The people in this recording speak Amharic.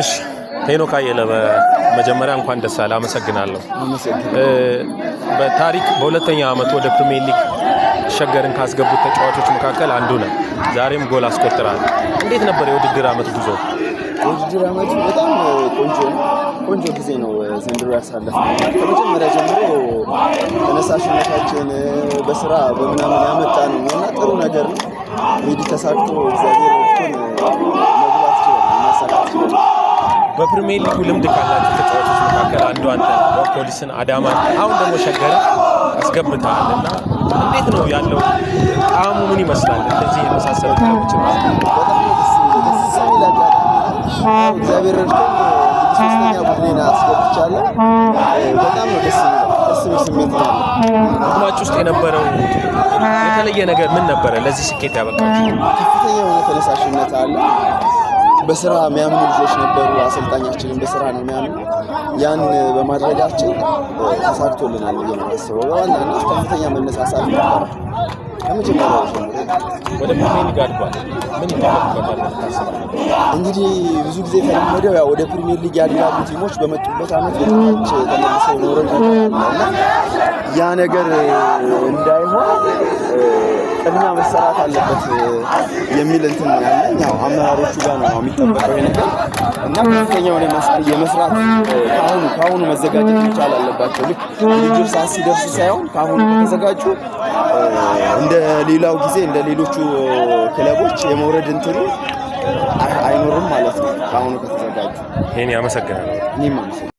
እሺ ሄኖክ አየለ መጀመሪያ እንኳን ደስ አለ አመሰግናለሁ። በታሪክ በሁለተኛ ዓመት ወደ ፕሪሚየር ሊግ ሸገርን ካስገቡት ተጫዋቾች መካከል አንዱ ነው። ዛሬም ጎል አስቆጥራል። እንዴት ነበር የውድድር ዓመት ጉዞ? የውድድር ዓመቱ በጣም ቆንጆ ቆንጆ ጊዜ ነው ዘንድሮ ያሳለፍነው። ከመጀመሪያ ጀምሮ ተነሳሽነታችን በስራ በምናምን ያመጣ ነው እና ጥሩ ነገር ነው። እንግዲህ ተሳክቶ እግዚአብሔር በፕሪሚየር ሊጉ ልምድ ካላቸው ተጫዋቾች መካከል አንዱ አንተ ፖሊስን፣ አዳማ አሁን ደግሞ ሸገር አስገብተሃል እና እንዴት ነው ያለው ጣዕሙ ምን ይመስላል? እንደዚህ የመሳሰሉ ክለቦች እግዚአብሔር ረድቶ ሶስተኛ ቡድኔን አስገብቻለሁ። በጣም ነው ደስ ደስ ውስጥ የነበረው የተለየ ነገር ምን ነበረ ለዚህ ስኬት ያበቃችሁ? ከፍተኛ የሆነ ተነሳሽነት አለ በስራ የሚያምኑ ልጆች ነበሩ። አሰልጣኛችንን በስራ ነው የሚያምኑ። ያን በማድረጋችን ተሳክቶልናል ብዬ ነው የማስበው። በዋናነት ከፍተኛ መነሳሳት ነበር። እንግዲህ ብዙ ጊዜ ተለመደው ያው ወደ ፕሪሚየር ሊግ ያድጋሉ ቲሞች በመጡበት ዓመት ቤቶች ተመልሰው ኖረ ያ ነገር እንዳይሆን ቅድሚያ መሰራት አለበት የሚል እንትን ያለን ያው አመራሮቹ ጋር ነው የሚጠበቀው ነገር እና ከፍተኛውን የመስራት ከአሁኑ ከአሁኑ መዘጋጀት መቻል አለባቸው። ልክ ውድድር ሰዓት ሲደርስ ሳይሆን ከአሁኑ ከተዘጋጁ እንደ ሌላው ጊዜ እንደ ሌሎቹ ክለቦች የመውረድ እንትኑ አይኖርም ማለት ነው። ከአሁኑ ከተዘጋጁ ይህን ያመሰግናል። እኔም አመሰግናለሁ።